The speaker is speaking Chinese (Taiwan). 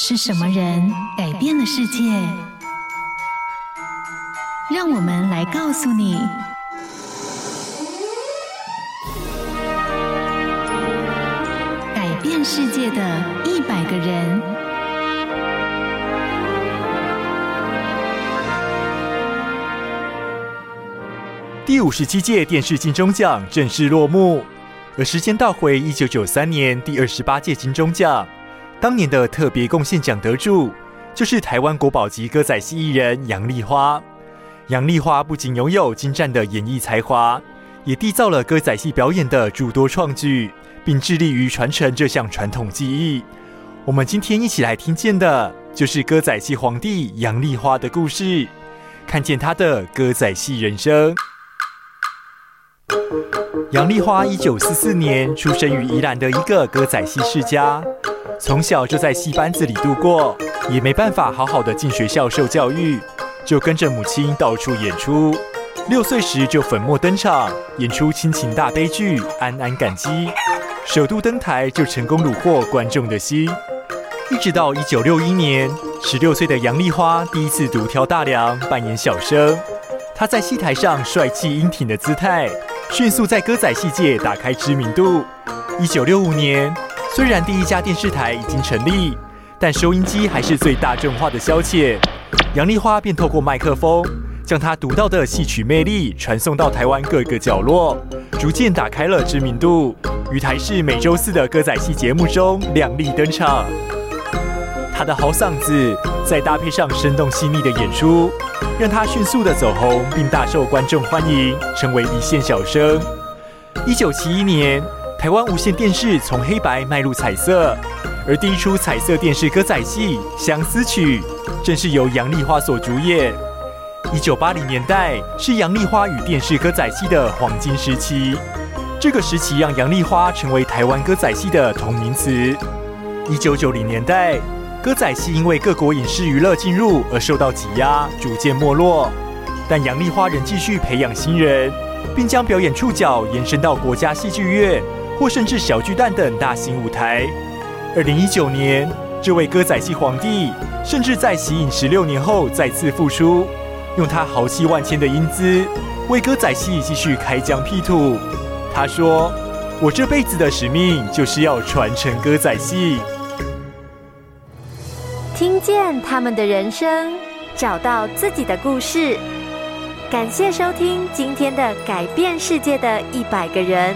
是什麼人改變了世界？讓我們來告訴你：改變世界的一百個人。第五十七屆電視金鐘獎正式落幕，而時間倒回一九九三年第二十八屆金鐘獎。當年的特別貢獻獎得主，就是台灣國寶級歌仔戲藝人楊麗花。楊麗花不僅擁有精湛的演藝才華，也締造了歌仔戲表演的諸多創舉，並致力於傳承這項傳統技藝。我們今天一起來聽見的，就是歌仔戲皇帝楊麗花的故事，看見她的歌仔戲人生。楊麗花一九四四年出生於宜蘭的一個歌仔戲世家。從小就在戲班子裡度過，也沒辦法好好的進學校受教育，就跟着母親到處演出。六歲時就粉墨登場，演出親情大悲劇《安安趕雞》，首度登台就成功虜獲觀眾的心。一直到一九六一年，十六歲的楊麗花第一次獨挑大梁扮演小生，她在戲台上帥氣英挺的姿態，迅速在歌仔戲界打開知名度。一九六五年。雖然第一家電視台已經成立，但收音機還是最大眾化的消遣。楊麗花便透過麥克風，將她獨到的戲曲魅力傳送到台灣各個角落，逐漸打開了知名度。於台視每週四的歌仔戲節目中亮麗登場，她的好嗓子再搭配上生動細膩的演出，讓她迅速的走紅並大受觀眾歡迎，成為一線小生。一九七一年。台灣無線電視從黑白邁入彩色，而第一齣彩色電視歌仔戲《相思曲》正是由楊麗花所主演。一九八零年代是楊麗花與電視歌仔戲的黃金時期，這個時期讓楊麗花成為台灣歌仔戲的同名詞。一九九零年代，歌仔戲因為各國影視娛樂進入而受到擠壓，逐漸沒落。但楊麗花仍繼續培養新人，並將表演觸角延伸到國家戲劇院。或甚至小巨蛋等大型舞台。二零一九年，這位歌仔戲皇帝甚至在息影十六年後再次復出，用他豪氣萬千的英姿，為歌仔戲繼續開疆闢土。他說：“我這輩子的使命就是要傳承歌仔戲。”聽見他們的人生，找到自己的故事。感謝收聽今天的《改變世界的一百個人》。